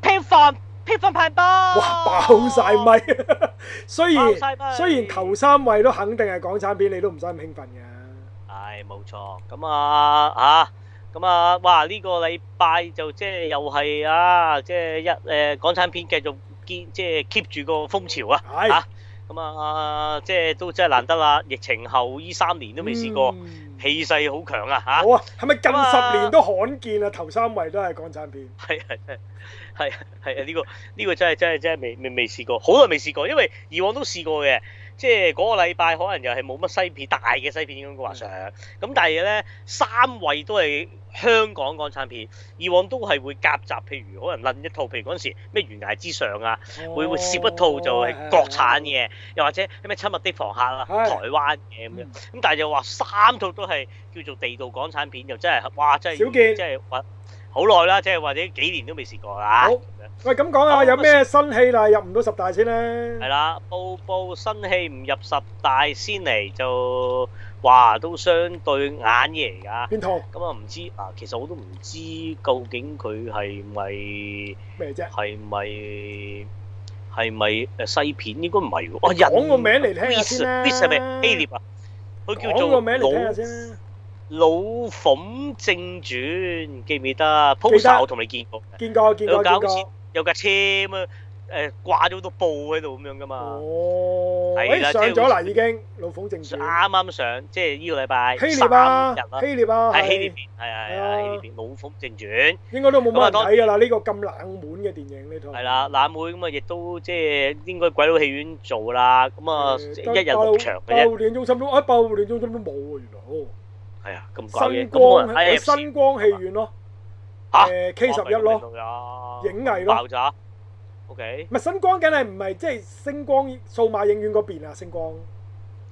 票房票房排行榜，哇爆晒咪， 雖然雖然頭三位都肯定係港產片，你都唔使咁興奮嘅。係冇錯，咁啊吓，咁啊哇呢個禮拜就即係又係啊，即、啊、係、啊這個啊就是、一誒、呃、港產片繼續堅即係 keep 住個風潮啊，吓、哎，咁啊即係、啊就是、都真係難得啦，疫情後呢三年都未試過、嗯。氣勢好強啊！嚇，好啊，係咪近十年都罕見啊？頭三位都係港產片，係係係係係啊！呢個呢個真係真係真係未未未試過，好耐未試過，因為以往都試過嘅，即係嗰個禮拜可能又係冇乜西片大嘅西片咁嘅話上，咁、嗯、但係咧三位都係。香港港產片以往都係會夾雜，譬如可能揦一套，譬如嗰陣時咩《懸崖之上》啊，哦、會會攝一套就係國產嘅，哦哎、又或者咩《親密的房客》啦是，台灣嘅。咁樣、嗯。咁但係就話三套都係叫做地道港產片，又真係哇，真係少見，即係話好耐啦，即係或者幾年都未試過啦。好樣喂，咁講下，有咩新戲啦？入唔到十大先啦？係啦，部部新戲唔入十大先嚟就。哇，都相對眼嘢嚟㗎。邊套？咁啊，唔知啊。其實我都唔知究竟佢係咪咩啫？係咪，係咪誒細片應該唔係喎。講個名嚟聽先啦。A 列啊，佢叫做《老鳳正傳》，記唔記得？Poster，記得，我同你見過。見過，見過，見過。有架車咁啊。誒，掛咗好多布喺度咁樣噶嘛？哦，係啦，上咗啦已經。老夫正傳啱啱上，即係呢個禮拜三日啦。希臘巴係希臘片，係係啊，希臘片。老夫正傳應該都冇乜人睇噶啦，呢個咁冷門嘅電影呢套。係啦，冷門咁啊，亦都即係應該鬼佬戲院做啦。咁啊，一日六場。報電影中心都啊，報電影中心都冇啊，原來哦。係啊，咁怪嘅，咁可能喺新光戲院咯。吓？K11 咯，影藝咯。爆炸。O K，唔係新光，梗係唔係，即係星光數碼影院嗰邊啊，星光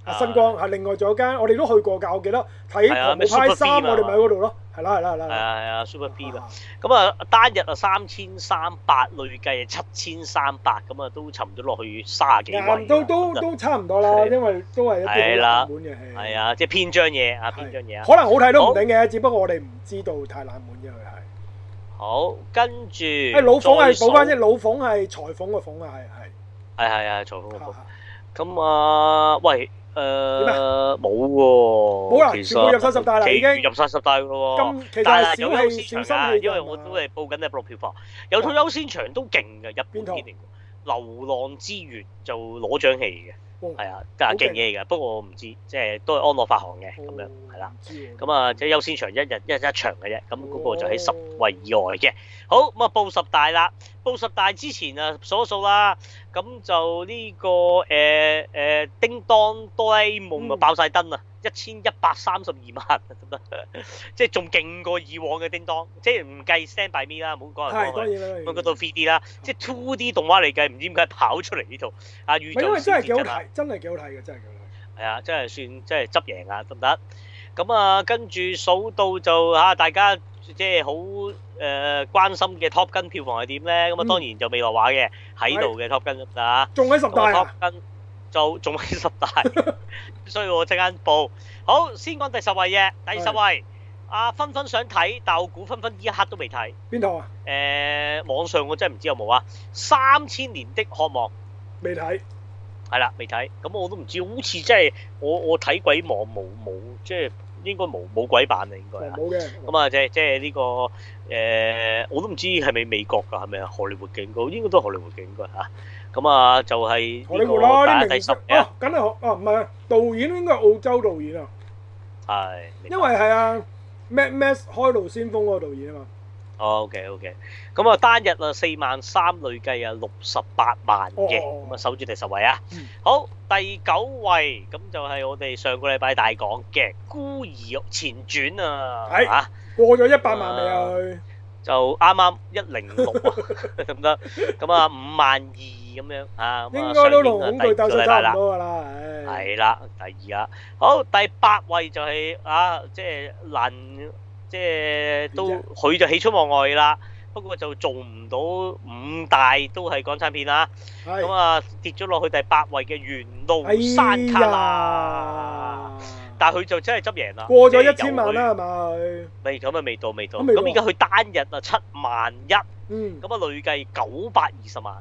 啊，新光係另外仲有間，我哋都去過噶，我記得睇《破派三》，我哋咪喺嗰度咯，係啦係啦係啦，係啊係啊 Super P 啊，咁啊單日啊三千三百，累計啊七千三百，咁啊都沉咗落去卅幾萬，都都都差唔多啦，因為都係啲爛滿嘅，係啊，即係篇章嘢啊，篇章嘢，可能好睇都唔定嘅，只不過我哋唔知道太爛滿啫。好，跟住，誒，老鳳係補翻啫，老鳳係裁縫個縫啊，係係，係係係裁縫個縫。咁啊，喂，誒，冇喎，冇人全部入晒十大啦，已經入晒十大噶喎。咁，但係有戲，有戲，因為我都係報緊第六票房，有套優先場都勁㗎，入半邊嚟。流浪之月就攞獎戲嘅。係、嗯、啊，Okay. 都係勁嘢嘅，不過我唔知，即係都係安樂發行嘅咁、嗯、樣，係啦、啊，咁啊即係優先場一日一一場嘅啫，咁、那、嗰個就喺十位以外嘅，好咁啊報十大啦，報十大之前啊數一數啦。咁就呢個誒誒叮當哆啦 A 夢啊爆晒燈啊一千一百三十二萬得唔得？ 即係仲勁過以往嘅叮當，即係唔計 Stand by Me 啦，唔好講人講，講到 3D 啦，即係 2D 動畫嚟嘅，唔知點解跑出嚟呢套啊預咗真係幾好睇，真係幾好睇嘅真係幾好睇。係啊，真係算真係執贏啊得唔得？咁啊跟住數到就嚇、啊、大家即係好。誒、呃、關心嘅 Top Gun 票房係點咧？咁啊、嗯、當然就未落畫嘅喺度嘅 Top Gun 啦嚇，仲喺十大 Top Gun 就仲喺十大，所以我即刻報。好，先講第十位嘅。第十位，的啊，分分想睇，但我估分分呢一刻都未睇邊度啊？誒、呃，網上我真係唔知有冇啊，《三千年的渴望》未睇看，係啦，未睇。咁我都唔知，好似即係我我睇鬼望冇冇即係。應該冇冇鬼版的啊，應該係。冇嘅即。咁啊、這個，即係即係呢個誒，我都唔知係咪美國㗎，係咪荷里活嘅？應該都荷里活嘅，應該咁啊，就係荷里活啦啲明星。哦、啊，梗係荷。哦，唔、啊、係，導演應該係澳洲導演啊。係、哎。因為係啊，Mad Max 開路先鋒嗰個導演啊嘛。哦，OK，OK，咁啊，單日啊四萬三累計啊六十八萬嘅，咁啊守住第十位啊。好，第九位咁就係我哋上個禮拜大講嘅孤兒前傳啊，嚇過咗一百萬未啊？佢就啱啱一零六啊，咁多，咁啊五萬二咁樣啊，應該都攞到第二個禮拜啦。係啦，第二啊。好，第八位就係啊，即係林。即係都佢就喜出望外啦，不過就做唔到五大都係港產片啦。咁啊跌咗落去第八位嘅《緣路山旮旯》啦，但係佢就真係執贏啦。過咗一千萬啦，係咪？未咁啊，未到，未到。咁而家佢單日啊七萬一，咁啊累計九百二十萬，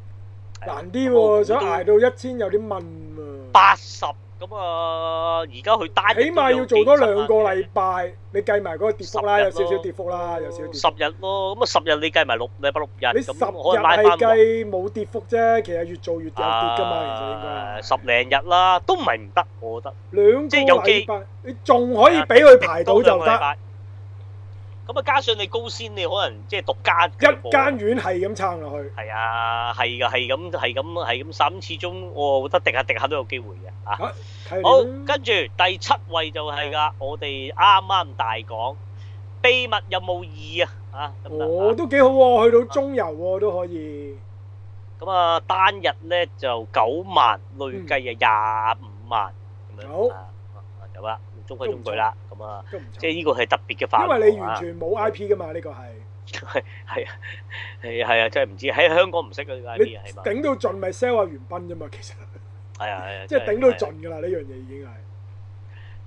嗯。難啲喎，想捱到一千有啲問喎。八十。咁啊，而家佢大，起碼要做多兩個禮拜，你計埋嗰個跌幅啦，有少少跌幅啦，有少少跌幅。十日咯，咁啊十日你計埋六，禮拜六日。六你十日係計冇跌幅啫，其實越做越有跌噶嘛，其實應該。十零日啦，都唔係唔得，我覺得。兩個禮拜，你仲可以俾佢排到就得。咁啊，加上你高先，你可能即係獨家一間院係咁撐落去。係啊，係㗎、啊，係咁、啊，係咁、啊，係咁、啊，沈始終我覺得定下定下都有機會嘅嚇。啊啊、好，跟住第七位就係㗎、啊，啊、我哋啱啱大講秘密有冇意啊？嚇、啊，我、哦、都幾好喎、啊，去到中游都可以。咁啊，啊，啊，單日咧就九萬，累計啊廿五萬。好、嗯，好、嗯、啊。中規中矩啦，咁啊，即係呢個係特別嘅範疇，因為你完全冇 IP 噶嘛，呢個係係係啊，係啊，真係唔知喺香港唔識呢個 IP。你頂到盡咪 sell 阿玄彬啫嘛，其實係啊，係啊，即係頂到盡噶啦，呢樣嘢已經係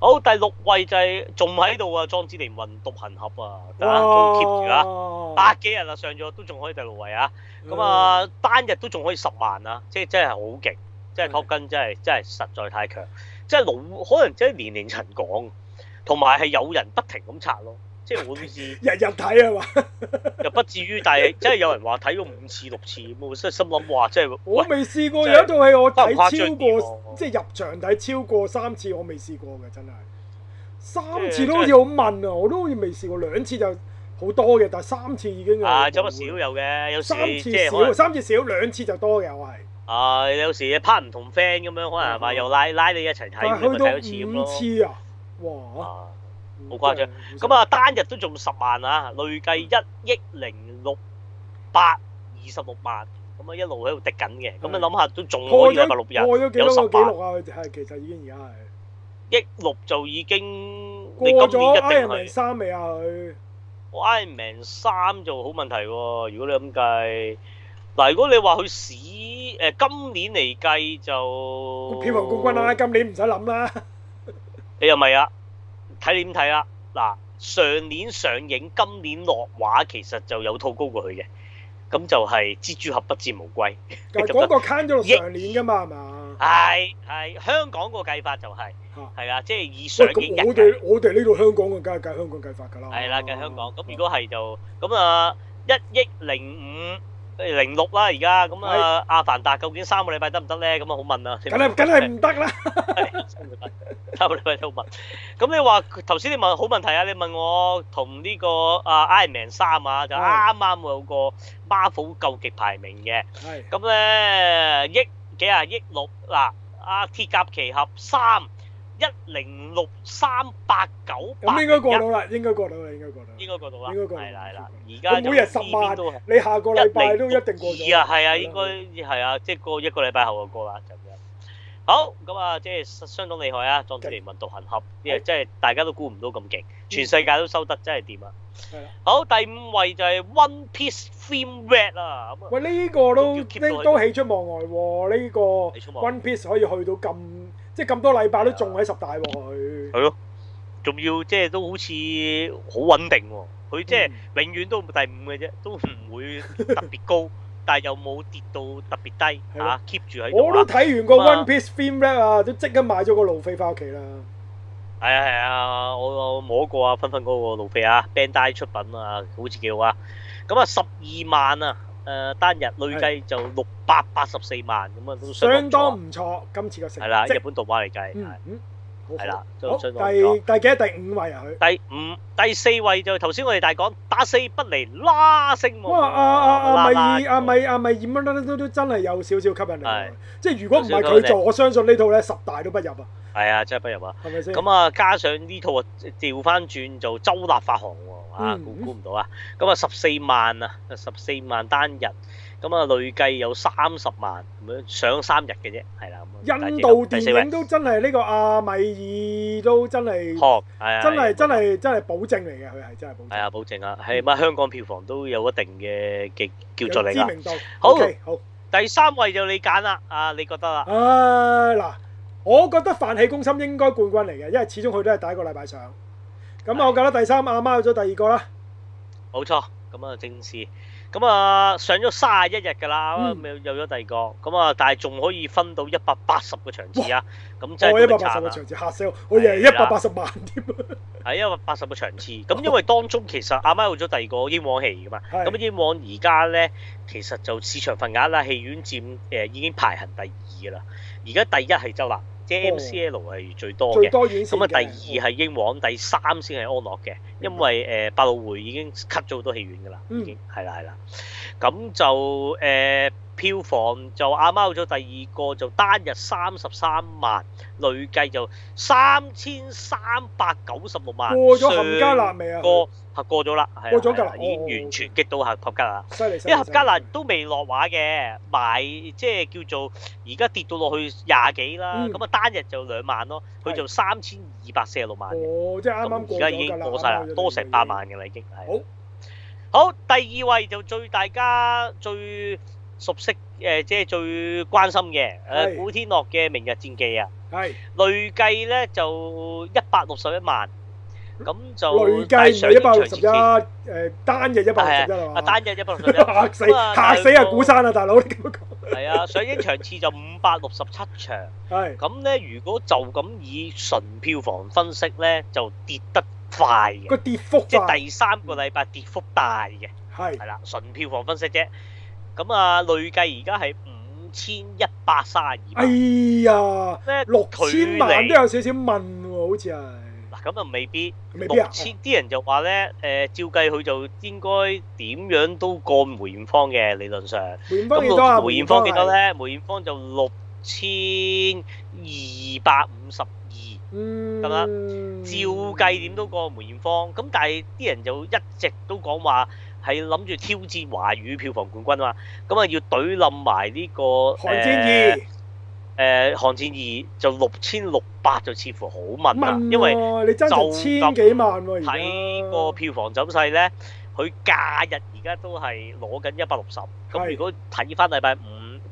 好，第六位就係仲喺度啊，壯志凌雲獨行俠啊，等下都 keep 住啊，百幾日啊上咗都仲可以第六位啊，咁啊單日都仲可以十萬啊，即係真係好勁，即係 Top Gun 真係真係實在太強。即係老，可能即係年齡層講，同埋係有人不停咁刷咯，即係好似日日睇呀嘛？ 人人 又不至於。但係真係有人話睇到五次六次咁即係心諗哇，即係我未試過喂、就是、有套戲我睇超過即係入場睇超過三次，我未試過嘅真係三次都好似好悶啊！我都好似未試過兩次就好多嘅，但係三次已經係啊，咁啊少有嘅，有三次,三次少，三次少，兩次就多嘅我係。啊，有時 part 唔同 friend 咁樣，可能係咪又拉拉你一齊睇，咪睇多次咁咯。哇，好誇張！咁啊，單日都仲十萬啊，累計一億零六百二十六萬，咁啊一路喺度滴緊嘅。咁你諗下都仲可以破咗六日，有十幾六啊！係其實已經而家係億六就已經過咗 I 零三未啊？佢我嗌零三就好問題喎，如果你咁計。嗱，如果你話去市，誒今年嚟計就票房冠軍啦，今年唔使諗啦。 你又咪啊？睇你點睇啦？嗱，上年上映，今年落畫，其實就有套高過佢嘅，咁就係《蜘蛛俠不戰無歸》就 to to 億。就講咗上年㗎嘛，係嘛對？係係、嗯、香港個計法就係、係，係啊，即係以上年。喂，我哋、就係、我哋呢度香港嘅梗係計香港計法㗎啦。係啦，計香港。咁如果係就咁啊，一億零五。零六啦，而家咁啊，《阿凡達》究竟三個禮拜得唔得咧？咁啊，好問啊！梗係梗係唔得啦！三個禮拜，三個禮拜都好問。咁你話頭先你問好問題啊？你問我同呢個啊《Iron Man》三啊，就啱啱有個 Marvel 究極排名嘅。係。咁咧，億幾啊億六嗱啊，《鐵甲奇俠》三。一零六三八九八一，咁應該過到啦，應該過到啦，應該過到，應該過到啦，係啦，而家每日十萬，你下個禮拜都一定過咗，係啊，應該係啊，即係過一個禮拜後就過啦，就咁樣。好，咁啊，即係相當厲害啊，壯志凌雲獨行俠，即係大家都估唔到咁勁，全世界都收得真係掂啊。係啦。好，第五位就係《One Piece Film Red》啊。喂，呢個都都都喜出望外喎！呢個《One Piece》可以去到咁。即咁多禮拜都仲喺十大喎、啊、佢。係咯，仲要即係都好似好穩定喎、啊。佢即係永遠都第五嘅啫，都唔會特別高， 但係又冇跌到特別低嚇，keep 了、啊、住喺度、啊、我都睇完個 One Piece Film Red 啊，都即刻買咗個路飛翻屋企啦。係啊係啊，我、啊、我摸過啊，分分嗰個路飛啊，Bandai 出品啊，好似幾好啊。咁啊，十二萬啊！誒，單日累計就六百八十四萬咁啊，相當唔錯。今次嘅成績係啦，日本動畫嚟，計係，係啦，第第幾第五位啊，佢第五、第四位就頭先我哋大講打死不離喇星。哇！咪，阿咪，米阿米乜乜都真係有少少吸引力。即係如果唔係佢做，我相信呢套咧十大都不入啊。係啊，真係不入啊。係咪先？咁啊，加上呢套啊，調翻轉做周立發行。啊估估唔到啊！咁啊十四萬啊，十四萬單日，咁啊累計有三十萬，咁樣上三日嘅啫，係啦咁。印度電影都真係呢、呢個阿、啊、米爾都真係，係真係真係真係保證嚟嘅，佢係真係保證。啊、嗯，保證啊，係乜香港票房都有一定嘅嘅叫座力啦。知、啊、好。Okay, 好，第三位就你揀啦，啊你覺得啊？唉嗱，我覺得《飯戲攻心》應該冠軍嚟嘅，因為始終佢都係第一個禮拜上。咁、嗯、我覺得第三的阿媽有咗第二個啦，冇錯，咁啊正是，咁啊上咗三十一日噶啦，嗯、有有咗第二個，咁啊但係仲可以分到一百八十個場次啊，咁哇真係咁慘啊！一百八十個場次，嚇死，我，我贏一百八十萬添啊！係一百八十個場次，咁 因為當中其實阿媽有咗第二個《英皇戲》噶嘛，咁的《英皇呢》而家咧其實就市場份額啦，戲院佔誒、呃、已經排行第二噶啦，而家第一係洲立即係 MCL 係最多嘅，咁啊第二係英皇，嗯、第三先係安樂嘅，的因為誒百老匯已經 cut 咗好多戲院噶啦，嗯、已經係啦係啦，咁就誒。呃票房就啱啱好咗，第二個就單日三十三萬，累計就三千三百九十六萬，過咗《闔家辣》未啊？過，過咗啦，過咗㗎，已經完全擊到闔，闔家辣啦。犀利！因為《闔家辣》都未落畫嘅，賣，即係叫做而家跌到落去廿幾啦。咁啊、嗯，單日就兩萬咯，佢就三千二百四十六萬。哦，即係啱啱過㗎啦，而家已經過曬啦，剛剛多成百萬㗎啦，已經係。好，好，第二位就最，大家最。最熟悉誒，即係最關心嘅誒，古天樂嘅《明日戰記》啊，累計咧就一百六十一萬，咁就累計唔係一百六十一，誒單日一百六十一係嘛？嚇死嚇死啊！古山啊，大佬，係啊，上映場次就五百六十七場，咁咧如果就咁以純票房分析咧，就跌得快嘅，個跌幅即係第三個禮拜跌幅大嘅，係啦，純票房分析啫。咁啊、嗯，累計而家係五千一百三十二萬。哎呀，咩呢六千萬都有少少問喎，好似係。咁又未必。未必六千啲、哦、人就話咧，誒、呃，照計佢就應該點樣都過梅艷芳嘅理論上。梅艷芳幾多、啊、梅艷芳幾多咧？梅艷芳就六千二百五十二。咁樣，照計點都過梅艷芳。咁但係啲人就一直都講話。係諗住挑戰華語票房冠軍啊嘛，咁啊，要懟冧埋呢個《寒戰二》呃。誒，《寒戰二》就六千六百，就似乎好問啦。啊、因為就你真係千幾萬、啊。睇個票房走勢咧，佢假日而家都係攞緊一百六十。咁如果睇翻禮拜五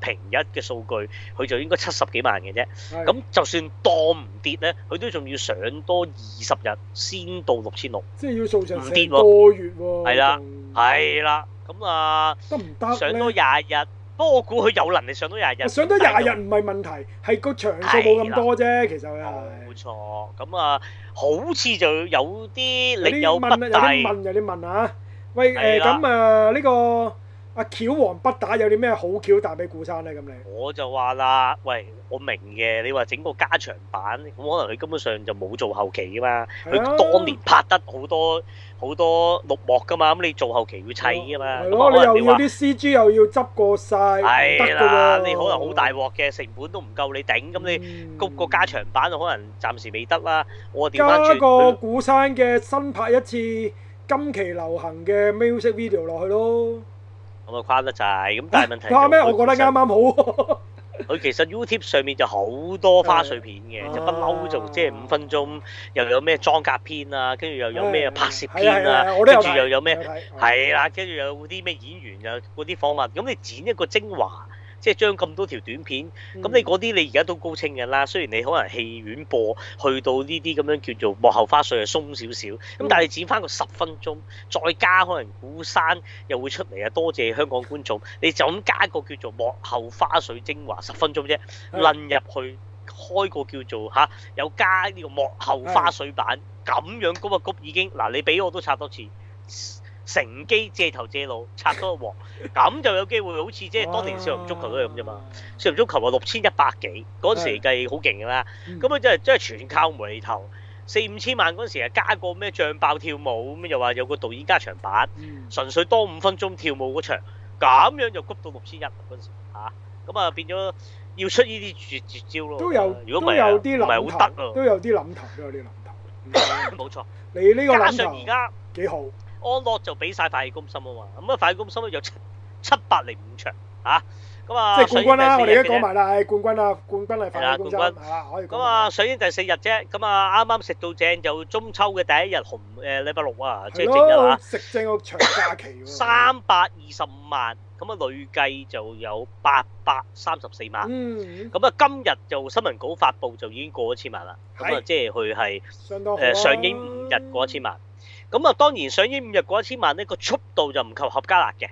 平一嘅數據，佢就應該七十幾萬嘅啫。咁是就算當唔跌咧，佢都仲要上多二十日先到六千六。即係要做成唔跌個月，係啦。係啦，咁啊，都唔得，上多廿日。不過我估佢有能力上多廿日。上多廿日唔係問題，係個場數冇咁多啫。其實佢係冇錯，咁啊，好似就有啲力有不逮。有人問，有人問，有人問啊！喂，誒，呃，咁啊，呢個。阿、啊、橋王不打有啲咩好橋帶俾古山咧？咁你我就話啦，喂，我明嘅。你話整個加長版咁，可能佢根本上就冇做後期噶嘛。佢、啊、當年拍得好多好多綠幕噶嘛，咁你做後期要砌噶嘛。咁、啊啊、可能你話啲 CG 又要執過晒，係啦、啊，啊、你可能好大鑊嘅成本都唔夠你頂，咁你谷個加長版可能暫時未得啦。我調翻轉加個古山嘅新拍一次今期流行嘅 music video 落去咯。咁啊，誇得滯！咁但係問題，誇咩？我覺得啱啱好。佢其實 YouTube 上面就好多花絮片嘅，就不嬲做即係五分鐘，又有咩裝甲片啊，跟住又有咩拍攝片啊，跟住又有咩係啦，跟住又有啲咩演員又嗰啲訪問，咁你剪一個精華。即係將咁多條短片，咁你嗰啲你而家都高清嘅啦。雖然你可能戲院播，去到呢啲咁樣叫做幕後花絮係鬆少少，咁但係剪翻個十分鐘，再加可能古山又會出嚟啊，多謝香港觀眾，你就咁加個叫做幕後花絮精華十分鐘啫，撚入去開個叫做吓、啊，有加呢個幕後花絮版，咁樣谷一谷已經嗱，你俾我都插多次。乘機借頭借路拆多個鑊，咁就有機會好似即係當年少林足球都係咁啫嘛。少林足球話六千一百幾，嗰陣時計好勁㗎啦。咁啊即係即係全靠無厘頭，四五千萬嗰陣時啊加個咩漲爆跳舞咁，又話有個導演加長版，純、嗯、粹多五分鐘跳舞嗰場，咁樣就谷到六千一嗰陣時嚇。咁啊就變咗要出呢啲絕絕招咯。都有，如則都有啲諗頭，、啊、頭。都有啲諗頭，都有啲諗頭。冇錯 錯，你呢個諗頭幾好。安樂就俾晒飯戲攻心啊嘛，咁啊飯戲攻心咧有七七百零五場啊，咁啊即係冠軍、啊、第四日已啦，我哋而家講埋啦，冠軍啦、啊，冠軍嚟噶啦，冠軍。咁啊上映第四日啫，咁啊啱啱食到正就中秋嘅第一日紅誒禮拜六啊，吧即係正啊吓。食正個長假期、啊、三百二十五萬，咁啊累計就有八百三十四萬。咁、嗯、啊今日就新聞稿發布就已經過咗千萬啦，咁啊即係佢係誒上映五日過一千萬。咁啊，當然上映五日嗰一千萬呢個速度就唔及合家辣嘅，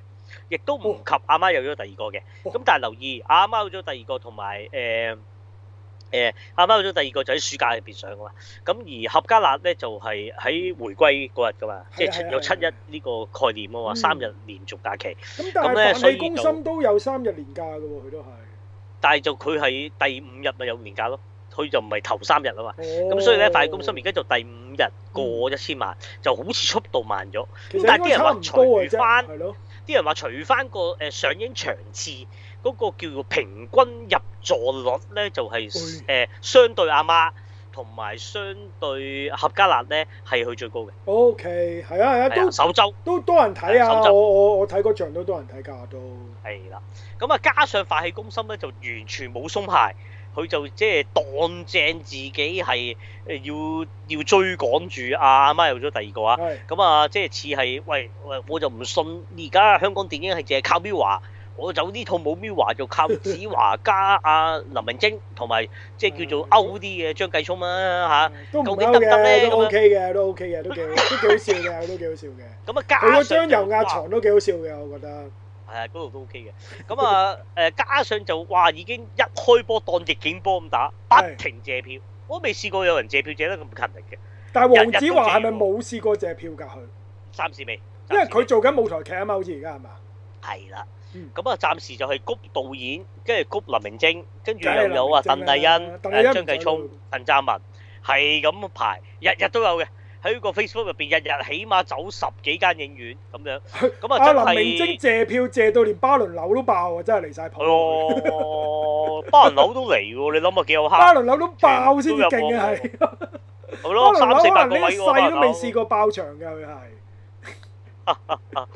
亦都唔及阿媽有咗第二個嘅。咁、哦、但係留意，阿媽有咗第二個，同埋誒誒，阿媽有咗第二個就喺暑假入邊上噶嘛。咁而合家辣咧就係、是、喺回歸嗰日噶嘛，即係有七一呢個概念啊嘛，嗯、三日連續假期。咁、嗯、但係百利公心都有三日連假噶喎，佢都係。但係就佢喺第五日咪有連假咯。佢就唔係頭三日啊嘛，咁所以咧《飯戲攻心》而家就第五日過一千萬，就好似速度慢咗，但係即係話除翻，啲人話除翻個誒上映場次，嗰個叫做平均入座率咧就係誒相對阿媽同埋相對闔家辣咧係佢最高嘅。O K，係啊係啊，都首周都多人睇啊！我我我睇嗰場都多人睇噶都。係啦，咁啊加上《飯戲攻心》咧就完全冇鬆懈。佢就即係當正自己係誒要要追趕住阿阿媽有咗第二個啊，咁 啊即係似係喂，我我就唔信而家香港電影係淨係靠 MIRROR，我就呢套冇 MIRROR 就靠子華加阿、啊、林明禎同埋即係叫做歐啲嘅張繼聰啊，啊究竟得唔得呢都 OK 嘅都 OK 嘅都幾、OK、都幾、OK, OK、好笑嘅都幾、OK、好笑嘅。咁啊 加上張油壓床都幾好笑嘅，我覺得。誒嗰度都 OK 嘅，咁、嗯、啊誒加上就哇已經一開波當逆境波咁打，不停借票，我都未試過有人借票借得咁勤力嘅。但係王黃子華係咪冇試過借票㗎？佢暫時未，因為佢做緊舞台劇啊嘛，好似而家係嘛？係啦，咁啊、嗯嗯嗯、暫時就係谷導演，跟住谷林明禎，跟住又有啊鄧麗欣、誒、啊、張繼聰、陳湛文，係咁排，日日，日都有嘅。喺個 Facebook 入邊，日日起碼走十幾間影院咁樣。咁啊，林明晶借票借到連巴倫樓都爆啊！真係離晒譜咯，喲 巴倫樓都嚟喎。你諗下幾有巴倫樓都爆先咁勁嘅係。係咯、嗯，嗯、 巴倫樓可能呢世都未試過爆場㗎，佢係、 啊。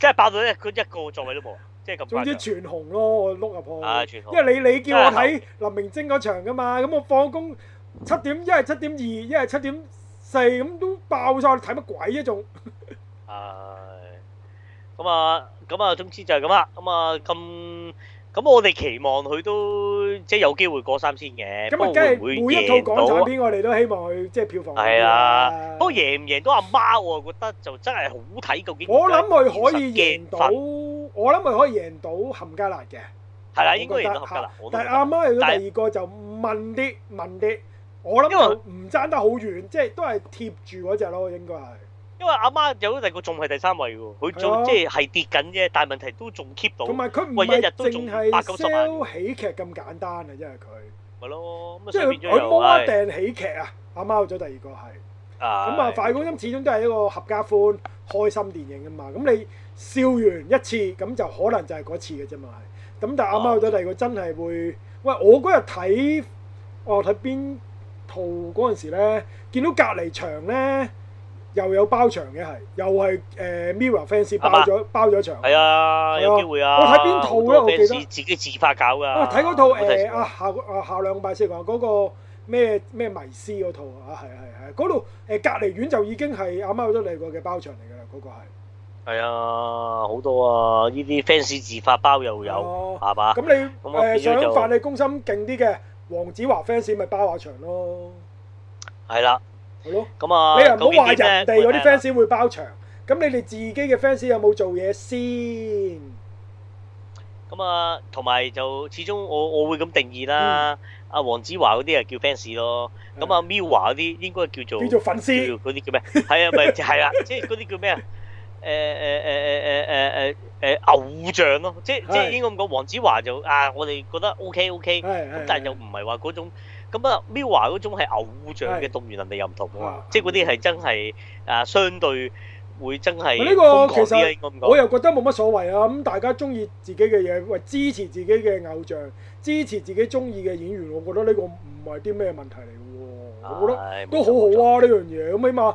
真係爆到咧，佢一個座位都冇即係咁。總之全紅咯，我碌 o o 入去、啊。全紅。因為你你叫我睇林明晶嗰場㗎嘛，咁我放工七點，一係七點二，一係七點。四咁都爆曬，你睇乜鬼啊？仲誒咁啊咁啊，總之就係咁啦。咁啊咁咁，我哋期望佢都即係有機會過三千嘅。咁啊，梗係每一套港產片，我哋都希望佢即係票房。係啊，不過贏唔贏到阿媽喎？我覺得就真係好睇，究竟我諗佢可以贏到。我諗佢可以贏到《闔家辣》嘅，係啦，應該贏到《闔家辣》。但係阿媽如果第二個就問啲問啲。我諗唔爭得好遠，即係都係貼住嗰隻咯，應該係。因為阿媽，媽有咗第二個，仲係第三位喎。佢仲即係跌緊啫，但問題都仲 keep 到。同埋佢唔係淨係笑喜劇咁簡單啊，因為佢咪咯咁啊，佢冇一定喜劇啊，阿媽有咗第二個係咁啊，哎、快感音始終都係一個合家歡、開心電影啊嘛。咁你笑完一次咁就可能就係嗰次嘅啫嘛。咁但阿媽有咗第二個真係會喂我嗰日睇，我睇邊？套嗰陣時咧，見到隔離場咧又有包場嘅，係又係誒 Mirror fans 包咗嗎包咗場。係啊，有機會啊！我睇邊套咧，啊？我記得自己自發搞噶，啊。睇嗰，啊、套誒啊，啊，下個啊下，下兩拜先講嗰，那個咩咩迷思嗰套啊，係係係嗰度誒隔離院就已經係阿媽好多嚟過嘅包場嚟嘅，嗰，那個係係啊好多啊！呢啲 fans 自發包又有係嘛？咁，啊啊、你誒，啊、想發你攻心勁啲嘅？黃子華 fans 咪包下場咯，係啦，係咯，咁啊，你又唔好話人哋啲 fans 會包場，咁、嗯、你哋自己嘅 fans 有冇做嘢先？咁啊，同埋就始終我我會咁定義啦。阿黃子華嗰啲啊叫 fans 咯，咁阿 Miu 華嗰啲應該叫做，叫做粉絲，嗰啲叫咩？係啊，咪係啦，即係嗰啲叫咩啊？誒誒誒誒誒誒誒偶像咯，即係即係應該咁講，黃子華就啊，我哋覺得 OK OK，咁 但係又唔係話嗰種咁啊，Mirror 嗰種係偶像嘅動員能力又唔同喎，的即係嗰啲係真係啊，相對會真係瘋狂啲啦，應該咁講。這個、我又覺得冇乜所謂啊，咁大家中意自己嘅嘢，喂，支持自己嘅偶像，支持自己中意嘅演員，我覺得呢個唔係啲咩問題嚟喎，哎、我覺得都好好啊呢樣嘢，咁起碼。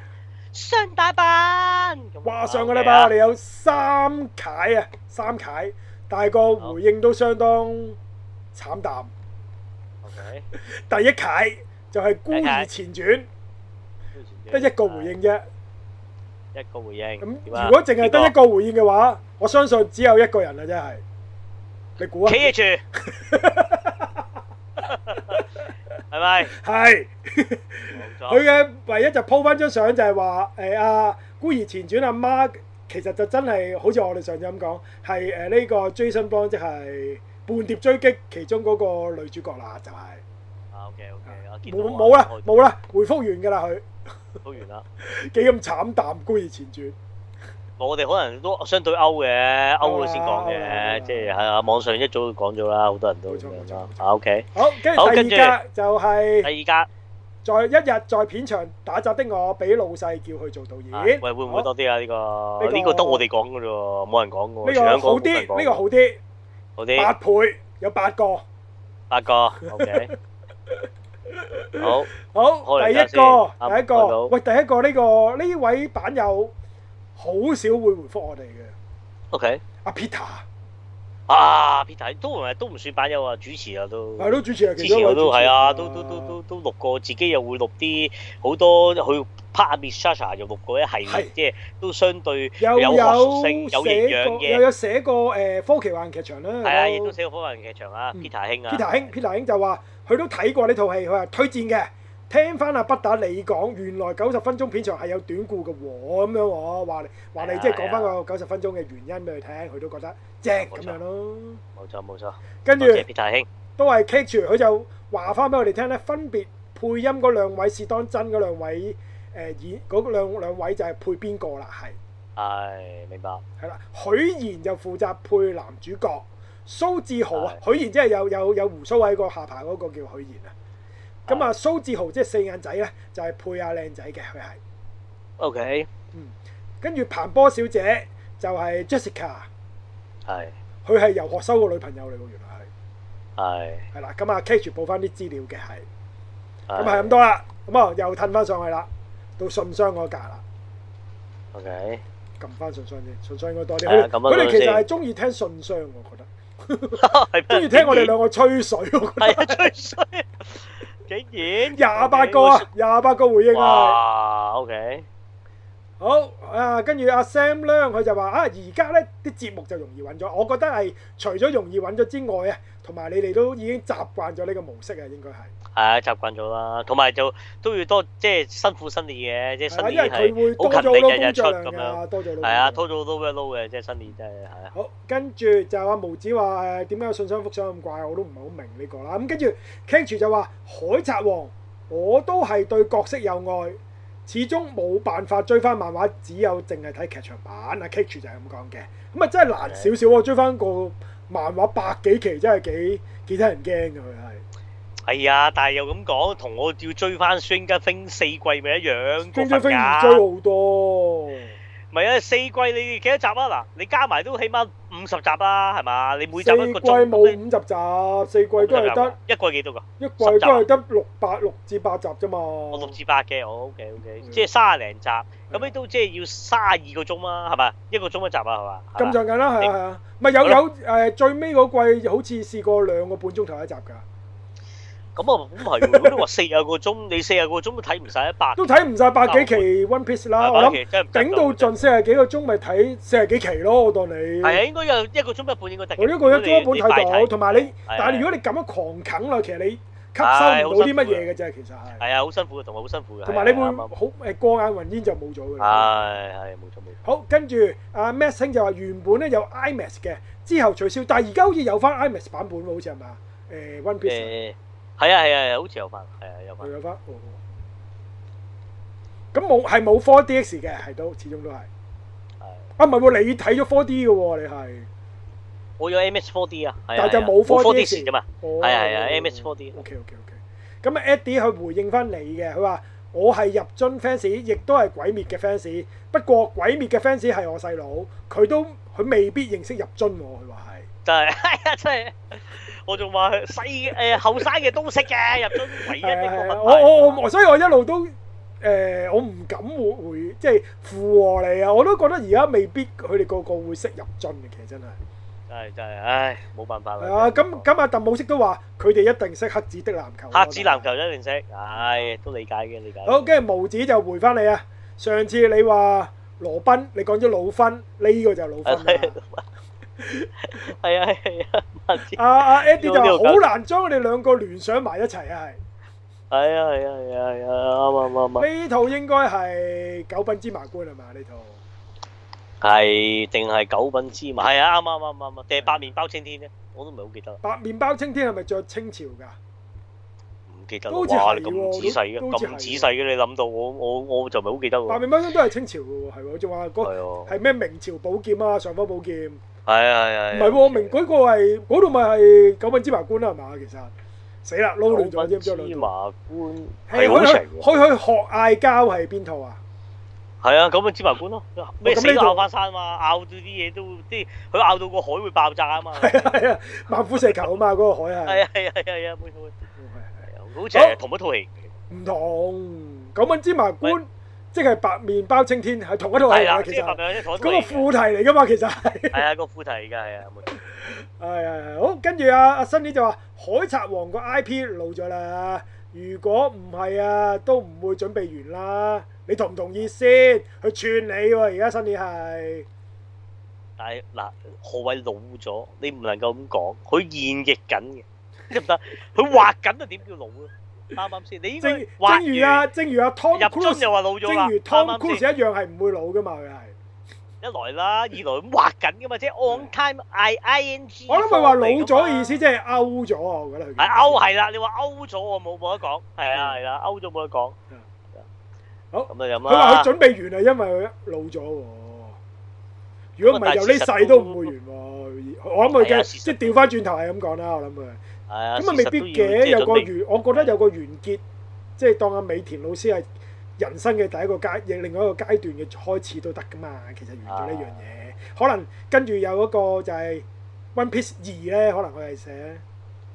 雙打哇上打拜，哇，上個禮拜我哋有三啟啊，三啟，但個回應都相當慘淡。OK，第一啟就係《孤兒前傳》，得一個回應啫，一個回應。咁、嗯、樣如果淨係得一個回應嘅話，樣我相信只有一個人啦，真係。你估啊？企住。 係咪？係。佢嘅 唯一就 po 翻張相，就係話誒阿孤兒前傳阿媽，其實就真係好似我哋上次咁講，係誒呢個 Bond, 追身幫即係半碟追擊其中嗰個女主角啦，就係、是啊。OK OK，冇冇啦冇啦，回覆完噶啦佢。覆完啦。幾咁慘淡，孤兒前傳。我哋可能都相對歐嘅，歐咗先講嘅，即係喺網上一早講咗啦，好多人都咁樣啦。OK，好，好，跟住就係第二格，在一日在片場打雜的我，俾老細叫去做導演。喂，會唔會多啲啊？呢個呢個都我哋講嘅啫喎，冇人講嘅喎。呢個好啲，呢個好啲，好啲。八倍有八個，八個。OK，好，好，第一個，第一個，喂，第一個呢個呢位版友。好少會回覆我哋嘅。O.K. 阿 Peter 啊，Peter 都唔都唔算版友啊，主持啊都。係咯，主持啊，其中一位主持都係啊，都都都都都錄過，自己又會錄啲好多。去拍阿 Misasha 又錄過一系列，即係都相對有學術性、有營養嘅。又有寫過誒科幻劇場啦，係啊，亦都寫過科幻劇場啊。Peter 兄啊，Peter 兄，Peter 兄就話佢都睇過呢套戲，佢話推薦嘅。聽翻阿不打你講，原來九十分鐘片長係有短故嘅喎，咁樣喎，話話你即係講翻個九十分鐘嘅原因俾佢聽，佢都覺得正咁錯樣咯。冇錯，冇錯。跟著謝謝大住，謝太都係 catch 住佢就話翻俾我哋聽咧，分別配音嗰兩位試當真嗰兩位，誒演嗰兩位就係配邊個啦？係。係、哎，明白。係啦，許賢就負責配男主角蘇志豪啊。哎、許賢即係有有有鬚鬚喺個下排嗰個叫許賢啊。咁啊，蘇志豪即係四眼仔咧，就係配阿靚仔嘅佢係。O K。嗯。跟住彭波小姐就係 Jessica 是。係。佢係遊學收個女朋友嚟喎，原來係。係是。係啦，咁啊，Cage 報翻啲資料嘅係。咁啊，係咁多啦。咁啊，又褪翻上去啦，到信箱嗰架啦。O K。撳翻信箱先，信箱應該多啲。佢哋、啊、其實係中意聽信箱，我覺得。中 意聽我哋兩個吹水，我覺得、 啊、吹水。 竟然廿八個啊，廿八個回應啊！哇，OK，好啊，跟住阿 Sam 咧，佢就話啊，而家呢啲節目就容易揾咗，我覺得係除咗容易揾咗之外啊，同埋你哋都已經習慣咗呢個模式啊，應該係。係啊、嗯，習慣咗啦，同埋就都要多即係辛苦新年嘅，即係新年係好勤力日日出咁樣，多咗。係啊的，拖咗好多嘅，即係新年真係。好，跟住就阿毛子話誒，點解有信箱覆相咁怪？我都唔係好明呢個啦。咁跟住 k a t c h 就話《海賊王》，我都係對角色有愛，始終冇辦法追翻漫畫，只有淨係睇劇場版。阿、 啊、k a t c h 就係咁講嘅。咁啊的、嗯、真係難少少啊，追翻個漫畫百，多百多幾期真係幾幾得人驚㗎佢係。係啊，但係又咁講，同我要追翻《孫家飛》四季咪一樣噶，《孫家飛》追好多，嗯。唔係啊，《四季》你啲幾多集啊？嗱，你加埋都起碼五十集啦，啊，係嘛？你每集一個鐘。四季冇五十集，四季都係得一季幾多個？一季都係得六百六至八集啫嘛。六至八嘅，我 OK OK，, OK，嗯，即係卅零集，咁樣，嗯，都即係要卅二個鐘啦，啊，係咪？一個鐘一集啊，係嘛？咁上下啦，係係啊。唔係，啊啊，對有有誒，的最尾嗰季好似試過兩個半鐘頭一集噶。咁啊，咁係我都話四廿個鐘，你四廿個鐘都睇唔晒一百，都睇唔晒百幾期《One Piece》啦。我諗頂到盡四廿幾個鐘咪睇四廿幾期咯。我當你係啊，應該有一個鐘一半應該得。我呢個一個一半睇到，同埋你，但係如果你咁樣狂啃啦，其實你吸收唔到啲乜嘢嘅啫。其實係係啊，好辛苦嘅，同埋好辛苦嘅。同埋你會好誒過眼雲煙就冇咗嘅。係係冇錯冇錯。好，跟住阿 Masking 就話原本咧有 IMAX 嘅，之後取消，但係而家好似有翻 IMAX 版本喎，好似係嘛，誒《One Piece》。係啊，係啊，好似有份，係啊有份。有份 哦。咁冇係冇 4D X 嘅，係都始終都係。係、啊。啊唔係喎，你睇咗 4D 嘅喎，你係。我有 MS 4D 啊。但係就冇 4D X 啫嘛。係係啊，啊、哦、啊，啊 MS 4D。O K O K O K。咁啊，Eddie 佢回應翻你嘅，佢話我係入樽 fans，亦都係鬼滅嘅 fans。不過鬼滅嘅 fans 係我細佬，佢都佢未必認識入樽，佢話係。但係真的。係 啊真係的。 我仲話佢細誒後生嘅都識嘅入樽，唯一呢個問題。我我我，所以我一路都誒，我唔敢會會即係附和你啊！我都覺得而家未必佢哋個個會識入樽嘅，其實真係真係真係，唉，冇辦法啦。係啊，咁咁阿鄧冇識都話，佢哋一定識黑子的籃球，黑子籃球一定識。唉，都理解嘅理解。好，跟住毛子就回翻你啊！上次你話羅賓，你講咗魯芬，呢個就魯芬啦。係啊係啊，阿阿 Adi 就話好難將佢哋兩個聯想埋一齊啊！係，係啊係啊係啊，啱啱啱。呢套應該係九品芝麻官係嘛？呢套係定係九品芝麻？係啊，啱啱啱啱啱。定係八面包青天咧？我都唔係好記得。八面包青天係咪着清朝噶？都好似你咁仔細嘅，咁仔細嘅你諗到我，我我就唔係好記得喎。八面金剛都係清朝嘅喎，係我仲話個係咩明朝寶劍啊，上方寶劍。係係啊。唔係，明嗰個係嗰度咪係九品芝麻官啦，係嘛？其實死啦，撈亂咗添，將兩。芝麻官係好齊。去去學嗌交係邊套啊？係啊，九品芝麻官咯，咩死都拗翻山嘛，拗到啲嘢都，即係佢拗到個海會爆炸啊嘛。係啊係啊，萬夫石球啊嘛，嗰個海係。係啊係啊係啊，冇錯。好、哦、同一套戲唔同，九蚊芝麻官喂即係白面包青天，係同一套戲啊。了其實嗰個副題嚟㗎嘛，其實係係啊，個副題而家係啊，係啊。 好，跟住啊，阿辛尼就話《海賊王》個 I P 老咗啦，如果唔係啊，都唔會準備完啦。你同唔同意先？去串你喎，啊，而家辛尼係？但係嗱，何謂老咗？你唔能夠咁講，佢現役緊嘅。得唔得，佢畫緊就點叫老啊？啱啱先？你應該正如啊，正如阿湯，入樽又話老咗正如湯 Cruise 一樣係唔會老噶嘛？佢係一來啦，二來咁畫緊噶嘛？即係 On time I I N G。我諗佢話老咗嘅意思，即係勾咗啊！我覺得佢係勾係啦。你話勾咗，我冇冇得講。係啊，係啦，勾咗冇得講。好咁啊，咁佢話佢準備完啊，因為佢老咗。如果唔係由呢世都唔會完。我諗佢嘅即係調翻轉頭係咁講啦。我諗佢。咁啊，未必嘅，有個完，我覺得有個完結，即係當阿尾田老師係人生嘅第一個階，亦另外一個階段嘅開始都得噶嘛。其實完咗呢樣嘢，可能跟住有嗰個就係《One Piece》二咧，可能佢係寫。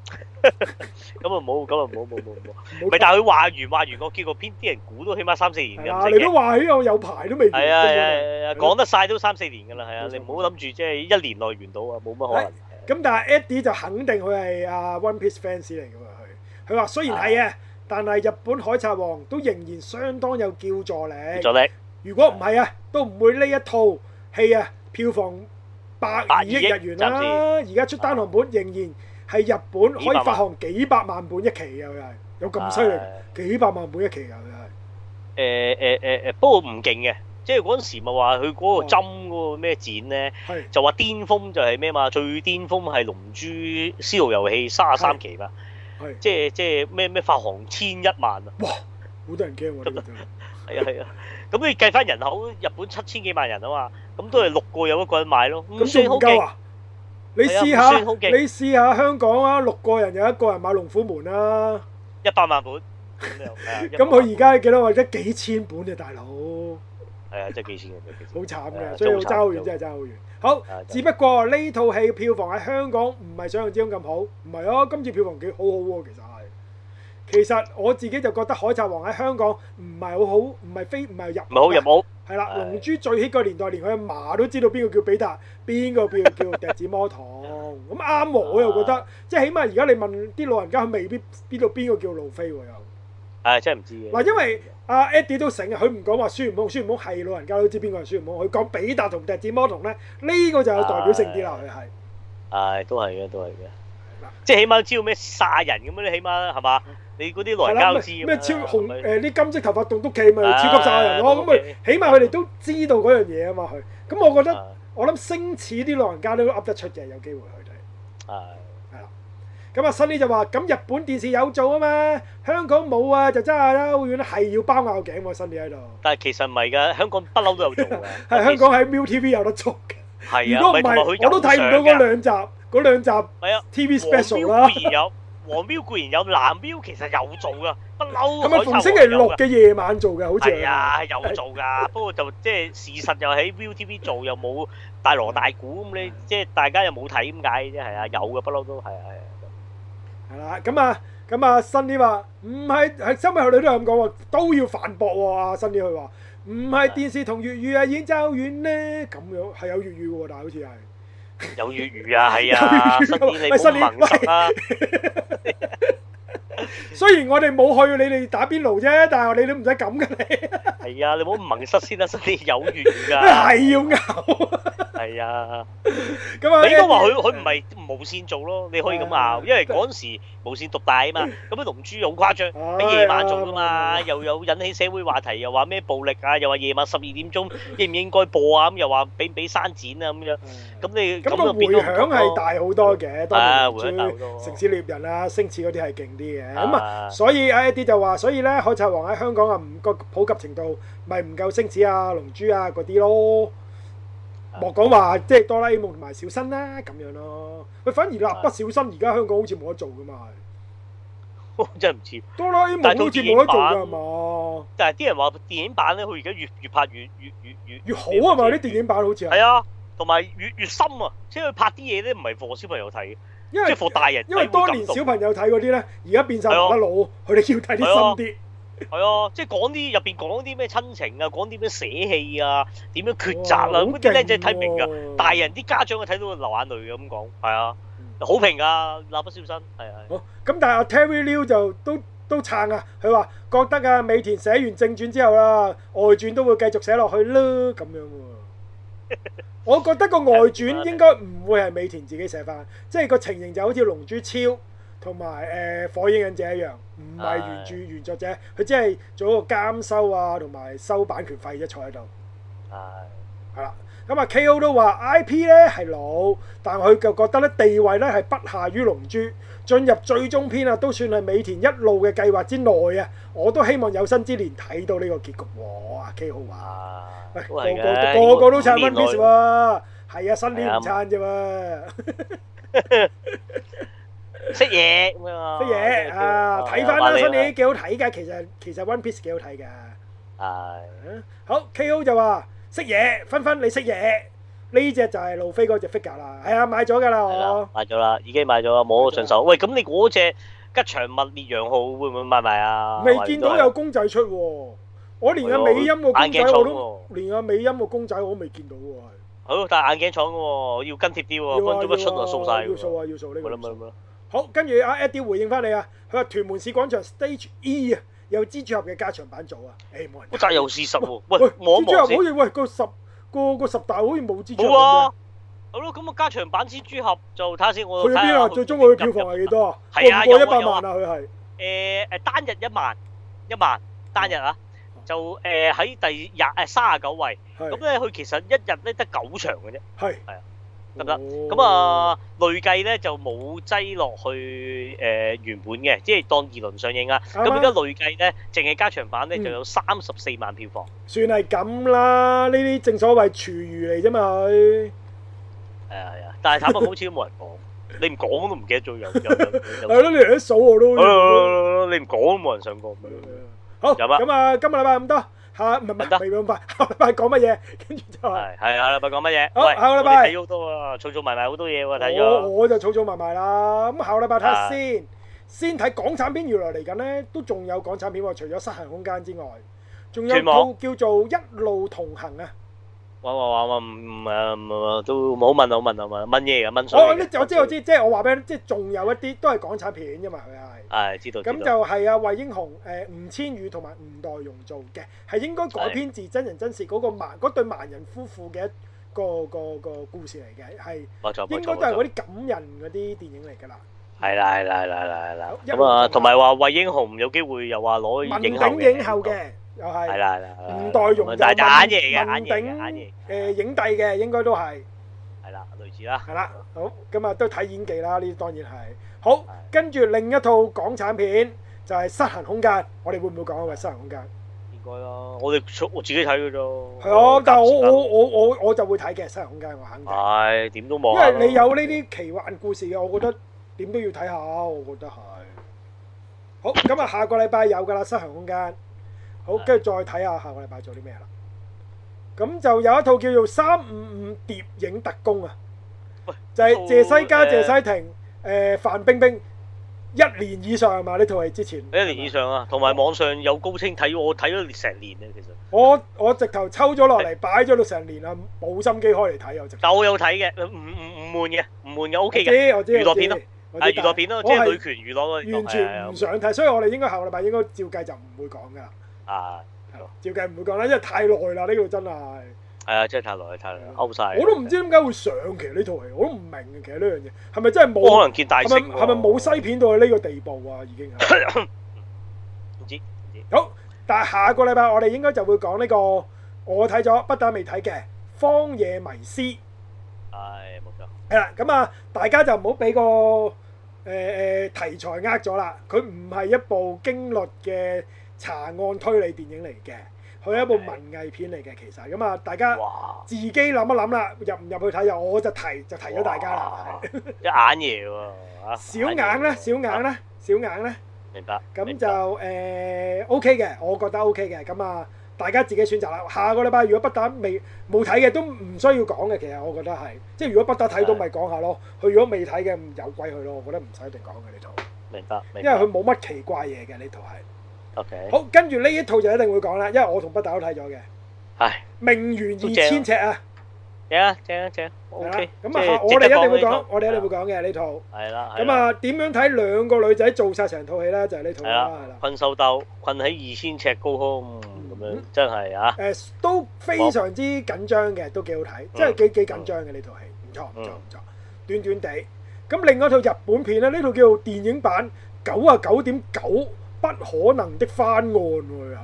咁啊冇，咁啊冇，冇冇冇，唔係，但係佢話完話完，我見過邊啲人估都起碼三四年㗎。係啊，你都話起我有排都未。係啊係啊，講得晒都三四年㗎啦。係啊，你唔好諗住即係一年內完到啊，冇乜可能。咁但係 Eddie 就肯定佢係啊 One Piece fans 嚟嘅喎，佢佢話雖然係啊，但係日本海賊王都仍然相當有叫座力。座力，如果唔係啊，都唔會呢一套戲啊，票房百二億日元啦。而家出單行本仍然係日本可以發行幾百萬本一期嘅佢係，有咁犀利幾百萬本一期嘅佢係。誒誒誒誒，不過唔勁嘅。即係嗰陣時咪話佢嗰個針嗰個咩展咧，哦、就話「巔峰」就係咩嘛，最巔峰係《龍珠》燒遊戲三十三期嘛，哦、即係即係咩咩發行千一萬啊！哇、咁樣，好多人驚喎，係啊係啊，咁你計翻人口，日本七千幾萬人啊嘛，咁都係六個人有一個人買咯，咁仲夠啊？你試下、啊，你試下香港啊，六個人有一個人買《龍虎門》、啊、啦，一百萬本，咁佢而家幾多或者幾千本嘅、啊、大佬。係啊，真係幾錢嘅？好慘嘅，所以好渣好遠，真係渣好遠。好，只不過呢套戲票房喺香港唔係想象之中咁好，唔係咯。今次票房幾好好喎，其實係。其實我自己就覺得《海賊王》喺香港唔係好好，唔係非唔係入唔係好入好，係啦，《龍珠》最起個年代，連佢阿媽都知道邊個叫比達，邊個叫叫笛子魔童」。咁啱我，又覺得即係起碼而家你問啲老人家，佢未必知道邊個叫路飛喎又。係啊，真係唔知嘅。嗱，因為阿 Eddie 都醒啊，佢唔講話孫悟空，孫悟空係老人家都知邊個係孫悟空，佢講比達同笛子魔童咧，呢個就有代表性啲啦。佢係，誒，都係嘅，都係嘅，即係起碼知道咩撒亞人咁樣咧，起碼係嘛？你嗰啲來交知咩超紅誒？啲金色頭髮棟篤企咪超級撒亞人咯，咁咪起碼佢哋都知道嗰樣嘢啊嘛。佢咁，我覺得我諗星矢啲老人家都噏得出嘅，有機會佢哋。誒。咁啊辛尼就話咁日本電視有做啊嘛，香港冇啊就真係啦，好遠係要包拗頸喎辛尼喺度。但係其實唔係㗎，香港不嬲都有做。係香港喺 Miu TV 有得做嘅。係啊，如果唔係我都睇唔到嗰兩集，嗰兩集。係啊，TV Special 啦。黃標固然有，黃標固然有，藍標其實有做㗎，不嬲。係咪逢星期六嘅夜晚做嘅？好似係啊，有做㗎，不過就即係事實又喺 Miu TV 做，又冇大鑼大鼓咁，你即係大家又冇睇咁解啫。係啊，有㗎，不嬲都係啊，係。係啦，咁啊、嗯，咁、嗯、啊，新啲話唔係，係新啲佢哋都係咁講喎，都要反駁喎、哦、啊！新啲佢話唔係電視同粵語啊，演教院呢，咁樣係有粵語喎，但係好似係有粵語啊，係啊，新啲你唔好唔 雖然我哋冇去，你哋打邊爐啫，但係你哋唔使咁噶，你係 啊，你唔好唔盟失先啦，先 有緣噶，係要拗，係啊，咁啊 麼，你應該話佢佢唔係無綫做咯， 你可以咁拗， 因為嗰時。無線獨大啊嘛，咁啊《龍珠》好誇張，喺夜 晚做噶嘛， 又有引起社會話題，又話咩暴力啊，又話夜晚十二點鐘應唔應該播啊，咁又話俾唔俾刪剪啊咁 樣，咁 你咁啊迴響係大好多嘅，啊會夠城市獵人啦、啊，星矢嗰啲係勁啲嘅，咁啊，啊所以啊一啲就話，所以咧《海賊王》喺香港啊唔個普及程度，咪唔夠星矢啊、龍珠啊嗰啲咯。莫講話即係哆啦 A 夢同埋小新啦，咁樣咯。佢反而《蠟筆小新》而家香港好似冇得做噶嘛。我真係唔知哆啦 A 夢好似冇得做噶嘛，但係啲人話電影版咧，佢而家越越拍越越越越越好啊嘛！啲電影版好似係啊，同埋越越深啊，即係佢拍啲嘢咧，唔係服小朋友睇嘅，因為即係服大人。因為當年小朋友睇嗰啲咧，而家變曬行得老，佢哋要睇啲深啲。係啊，即係講啲入邊講啲咩親情啊，講啲咩捨棄啊，點樣抉擇啊，咁啲靚仔睇明噶，大人啲家長啊睇到流眼淚咁講。係啊，嗯、好評啊，《蠟筆小新》係啊。好、嗯，咁的但係阿 Terry Liu 就都都撐啊，佢話覺得啊，美田寫完正傳之後啦，外傳都會繼續寫落去咯，咁樣。 我覺得個外傳應該唔會係美田自己寫翻，即係個情形就好似《龍珠超》同埋《誒火影忍者》一樣。唔係原著原作者，佢只係做一個監修啊，同埋收版權費啫，坐喺度。係，係啦。咁啊，K O 都話 IP 咧係老，但佢就覺得咧地位咧係不下於龍珠。進入最終篇啊，都算係美田一路嘅計劃之內啊。我都希望有生之年睇到呢個結局喎。啊，幾好啊！喂，個個個個都撐 One Piece 喎，係啊，新年唔撐嘅喎。識嘢咁樣咯，識嘢啊！睇翻啦，兄弟，幾好睇嘅。其實其實 One Piece 幾好睇噶。係。好，K.O. 就話識嘢，分分你識嘢。呢隻就係路飛嗰隻 figure 啦。係啊，買咗噶啦，我買咗啦，已經買咗，摸到上手。喂，咁你嗰隻吉祥物烈陽號會唔會買埋啊？未見到有公仔出，我連阿美音個公仔我都連阿美音個公仔我都未見到喎。係。好，但係眼鏡廠嘅，要跟貼啲喎。分咗乜出就掃晒。要掃啊，要掃呢個。咪咯，咪咯。好，跟住阿 Eddie 回應翻你啊，佢話屯門市廣場 Stage E 啊，有蜘蛛俠嘅加長版做啊，誒冇人。但又事實喎，喂，望一望先，好似喂個十個個十大好似冇蜘蛛俠嘅。好咯，咁個加長版蜘蛛俠做睇下先，我睇下。邊啊？最終佢票房係幾多啊？過過一百萬啊。佢係。誒誒，單日一萬一萬單日啊，就誒喺第廿誒三廿九位。咁咧，佢其實一日咧得九場嘅啫。係。係啊。咁啦，咁啊累計咧就冇擠落去誒原本嘅，即係當二輪上映啊。咁而家累計咧，淨係加長版咧就有三十四萬票房。算係咁啦，呢啲正所謂廚餘嚟啫嘛，佢係啊係啊，但係坦白好似都冇人講，你唔講都唔記得做樣咯，你嚟數我都。你唔講都冇人上過。好，咁啊，今日禮拜咁多。嚇，唔唔得，未明白。下禮拜講乜嘢？跟住就係係啊，下禮拜講乜嘢？哦，下個禮拜睇好多啊，儲儲埋埋好多嘢喎，睇咗。我我就儲儲埋埋啦。咁下個禮拜睇下先，先睇港產片。原來嚟緊咧都仲有港產片喎，除咗《失衡空間》之外，仲有套叫做《一路同行》啊。話話話話唔唔誒唔唔都冇問冇問冇問問嘢嘅問。我我呢？我知我知，即係我話俾你，即係仲有一啲都係港產片㗎嘛，係咪啊？係知道咁就係啊，衛英雄，誒吳千語同埋吳岱融做嘅，係應該改編自真人真事嗰個盲嗰對盲人夫婦嘅一個個個故事嚟嘅，係冇錯，應該都係嗰啲感人嗰啲電影嚟噶啦。係啦係啦係啦係啦。咁啊，同埋話衛英雄有機會又話攞影影后嘅，又係係啦係啦，吳岱融眼嘢嘅眼嘢，誒影帝嘅應該都係。係啦，好咁啊，都睇演技啦。呢啲當然係好。跟住另一套港產片就係《失衡空間》，我哋會唔會講啊？《失衡空間》應該啦，我哋出我自己睇嘅啫。係啊，但係我我我我我就會睇嘅《失衡空間》，我肯定係點都冇，因為你有呢啲奇幻故事嘅，我覺得點都要睇下。我覺得係好咁啊。下個禮拜有㗎啦，《失衡空間》好，跟住再睇下下個禮拜做啲咩啦。咁就有一套叫做《三五五諜影特工》啊。就係謝西加謝西婷，誒，范冰冰一年以上係嘛？呢套戲之前？一年以上啊，同埋網上有高清睇，我睇咗成年咧。其實我我直頭抽咗落嚟，擺咗到成年啦，冇心機開嚟睇有又。但我有睇嘅，唔唔唔悶嘅，唔悶嘅，OK 嘅，我知。娛樂片我係娛樂片咯，即係女權娛樂完全唔想睇，所以我哋應該下個禮拜應該照計就唔會講噶。啊，照計唔會講啦，因為太耐啦，呢個真係。係啊，真係太耐太耐晒。我都唔知點解會上期呢套戲，我都唔明其實呢樣嘢係咪真係冇？可能見大色。係咪冇西片到去呢個地步啊？已經。唔知、 嗯。嗯嗯、好，但係下個禮拜我哋應該就會講呢、這個我睇咗，不打未睇嘅《荒野迷思》。係、哎，冇錯。係啦，咁啊，大家就唔好俾個誒誒、呃、題材呃咗啦。佢唔係一部驚慄嘅查案推理電影嚟嘅。佢係一部文藝片嚟嘅，其實咁啊，大家自己諗一諗啦，入唔入去睇？我我就提就提咗大家啦，一哇 眼嘢喎、啊，小眼啦、啊，小眼啦、啊，小眼啦、啊，明白？咁就誒白、呃、OK 嘅，我覺得 OK 嘅，咁啊，大家自己選擇啦。下個禮拜如果不打未冇睇嘅，都唔需要講嘅。其實我覺得係，即係如果不打睇到咪講下咯。佢的如果未睇嘅，有鬼佢咯。我覺得唔使嚟講嘅呢套，明白？因為佢冇乜奇怪嘢嘅呢套係。這個好，跟住呢一套就一定會講啦，因為我同不打都睇咗嘅。係命懸二千尺啊！正啊正啊正！O K，咁啊，我哋一定會講，我哋一定會講嘅呢套。係啦，咁啊，點樣睇兩個女仔做晒成套戲咧？就係呢套啦。係啦，困獸鬥，困喺二千尺高空咁樣，真係啊！誒，都非常之緊張嘅，都幾好睇，即係幾幾緊張嘅呢套戲，唔錯唔錯唔錯。短短地，咁另外一套日本片咧，呢套叫電影版九啊九點九。不可能的翻案喎，又係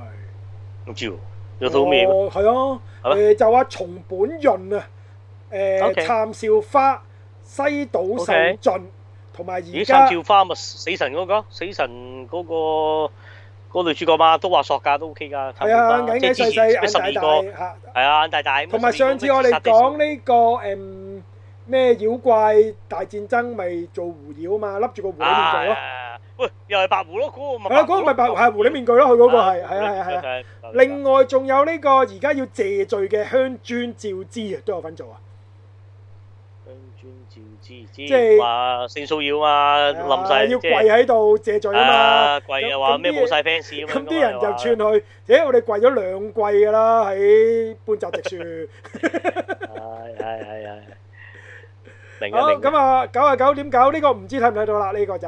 唔知喎，又多面咯，係咯，誒就阿松本潤啊，誒杉咲花西島秀俊同埋而家杉咲花咪死神嗰個，死神嗰個嗰女主角嘛，都話索噶，都 OK 噶，係啊，眼眼細細，咩十二個，係啊，眼大大，同埋上次我哋講呢個誒咩妖怪大戰爭，咪做狐妖嘛，笠住個狐面具咯。喂，又係白狐咯，嗰個咪係啊，嗰個咪白係狐狸面具咯，佢嗰個係係係係啊。另外仲有呢個而家要謝罪嘅香川照之啊，都有份做啊。香川照之即係話性騷擾啊嘛，冧晒要跪喺度謝罪啊嘛，跪啊話咩冇晒 fans 咁，啲人就串去。誒，我哋跪咗兩跪噶啦，喺半澤直樹。係係係係。好咁啊，九啊九點九，呢個唔知睇唔睇到啦，呢個就。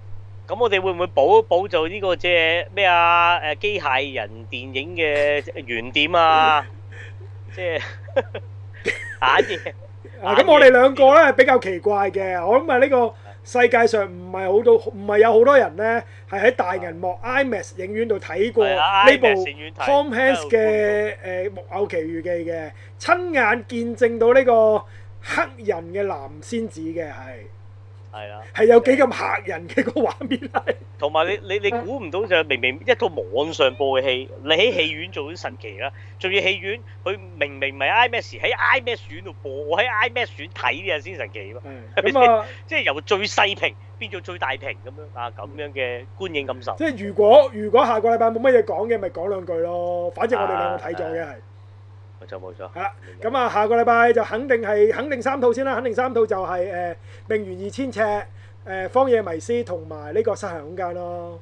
咁我哋會唔會補補做呢、呢個即係咩啊？誒機械人電影嘅原點啊！ 即係玩咁、啊、咁我哋兩個咧比較奇怪嘅，我諗啊呢個世界上唔係好多，唔係的有好多人咧係喺大銀幕的 IMAX 影院度睇過呢的、啊、部 Tom Hanks 嘅誒木偶奇遇記嘅，親眼見證到呢個黑人嘅藍仙子嘅係。係啊，係有幾咁吓人嘅個畫面啦。同 埋你你你估唔到就明明一個網上播嘅戲，你喺戲院做到神奇啦。仲要戲院佢明明唔係 IMAX 喺 IMAX 院度播，我喺 IMAX 院睇啊，先神奇咯。啊，即係由最細屏變做最大屏咁樣啊，咁樣嘅觀影感受。即係如果如果下個禮拜冇乜嘢講嘅，咪講兩句咯。反正我哋兩個睇咗嘅係。冇錯，冇錯。係啦，咁啊，錯下個禮拜就肯定係肯定三套先啦，肯定三套就係誒《明月二千尺》呃、誒《荒野迷思》同埋呢個《失衡空間》咯。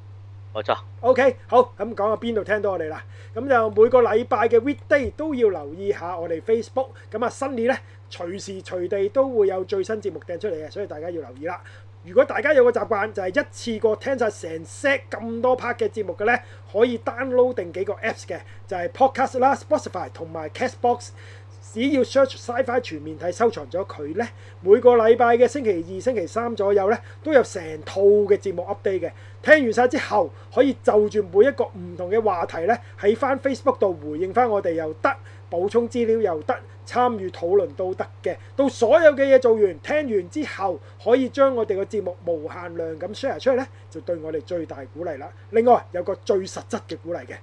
冇錯錯。OK，好咁講下邊度聽到我哋啦，咁就每個禮拜嘅 Weekday 都要留意下我哋 Facebook，咁啊新年咧隨時隨地都會有最新節目掟出嚟嘅，所以大家要留意啦。如果大家有個習慣，就係、是、一次過聽晒成 set 咁多 part 嘅節目嘅咧，可以 download 定幾個 apps 嘅，就係、是、Podcast 啦、Spotify 同埋 Castbox。只要 search SciFi 全面睇收藏咗佢咧，每個禮拜嘅星期二、星期三左右咧，都有成套嘅節目 update 嘅。聽完晒之後，可以就住每一個唔同嘅話題咧，喺翻 Facebook 度回應翻我哋又得，補充資料又得。參與討論都得嘅，到所有嘅嘢做完、聽完之後，可以將我哋嘅節目無限量咁 share 出嚟咧，就對我哋最大鼓勵啦。另外有個最實質嘅鼓勵嘅，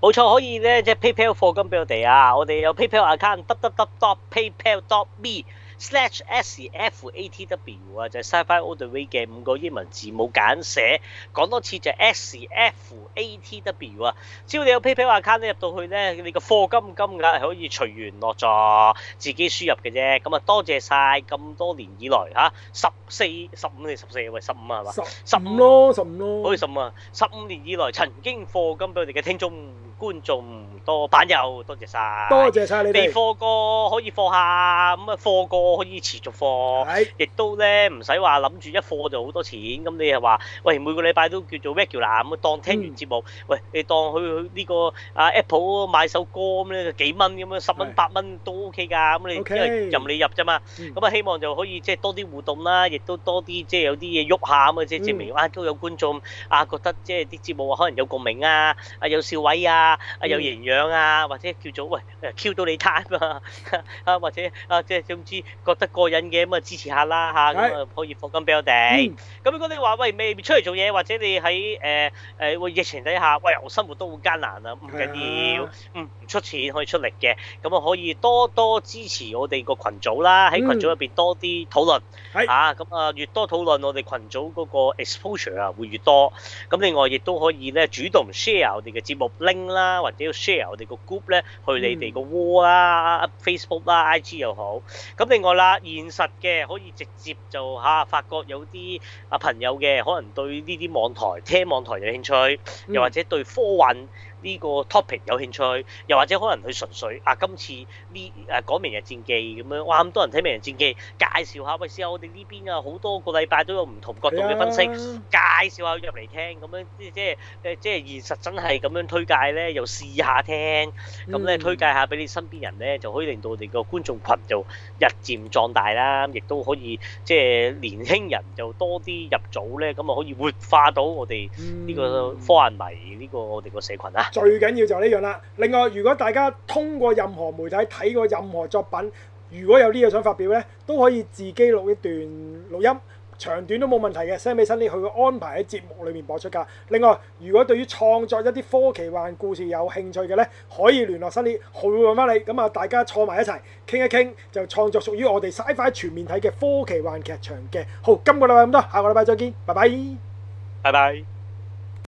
冇錯可以咧，即係 PayPal 課金俾我哋啊！我哋有 PayPal account 得 www.paypal.me。Slash S F A T W 啊，就係 SciFi All The Way 嘅五個英文字母簡寫。講多次就係 S F A T W 啊。只要你有 PayPal account 咧入到去咧，你個課金金額係可以隨緣落座，自己輸入嘅啫。咁啊，多謝曬咁多年以來嚇，十四、十五定十四喂，十五啊係嘛？十五咯，十五咯。可以十五啊！十五年以來曾經課金俾我哋嘅聽眾觀眾。多板友，多謝曬，多謝曬你哋。未貨過可以貨下，咁啊貨過可以持續貨，亦都咧唔使話諗住一貨就好多錢。咁你又話，喂每個禮拜都叫做 regular 啦，咁啊當聽完節目，喂你當去去呢個啊 Apple 買首歌咁咧幾蚊咁樣十蚊八蚊都 OK 㗎。咁你因為任你入咋嘛？咁啊希望就可以即係多啲互動啦，亦都多啲即係有啲嘢喐下咁啊，即係證明啊都有觀眾啊覺得即係啲節目可能有共鳴啊，啊有笑位啊，啊有營養。啊，或者叫做喂，cue 到你 time 啊，啊或者啊，即係總之覺得過癮嘅咁啊，支持下啦吓，咁啊的可以課金俾我哋，咁、嗯、如果你話喂未，未出嚟做嘢，或者你喺誒誒個疫情底下，喂我生活都好艱難啊，唔緊要，的嗯，唔出錢可以出力嘅，咁啊可以多多支持我哋個群組啦，喺群組入邊多啲討論，吓、嗯，咁啊越多討論，我哋群組嗰個 exposure 啊會越多，咁另外亦都可以咧主動 share 我哋嘅節目 link 啦，或者 share。由我哋個 group 咧去你哋個窩啦，Facebook 啦、啊、IG 又好。咁另外啦，現實嘅可以直接就吓、啊、發覺有啲啊朋友嘅可能對呢啲網台、聽網台有興趣，嗯、又或者對科運。呢個 topic 有興趣，又或者可能佢純粹啊，今次呢誒講《明日戰記》咁樣，哇咁多人睇《明日戰記》，介紹下喂，試下我哋呢邊啊，好多個禮拜都有唔同角度嘅分析，介紹下入嚟聽咁樣，即即誒即現實真係咁樣推介咧，又試下聽，咁咧推介下俾你身邊人咧，就可以令到我哋個觀眾群就日漸壯大啦，亦都可以即年輕人就多啲入組咧，咁啊可以活化到我哋呢個科幻迷呢個我哋個社群啊。最緊要就呢樣啦。另外，如果大家通過任何媒體睇過任何作品，如果有呢個想發表呢，都可以自己錄一段錄音，長短都冇問題嘅。send 俾辛尼，佢會安排喺節目裡面播出㗎。另外，如果對於創作一啲科奇幻故事有興趣嘅呢，可以聯絡辛尼，佢會搵返你。咁啊，大家坐埋一齊傾一傾，就創作屬於我哋 SciFi 全面睇嘅科奇幻劇場嘅。好，今個禮拜咁多，下個禮拜再見，拜拜，拜拜。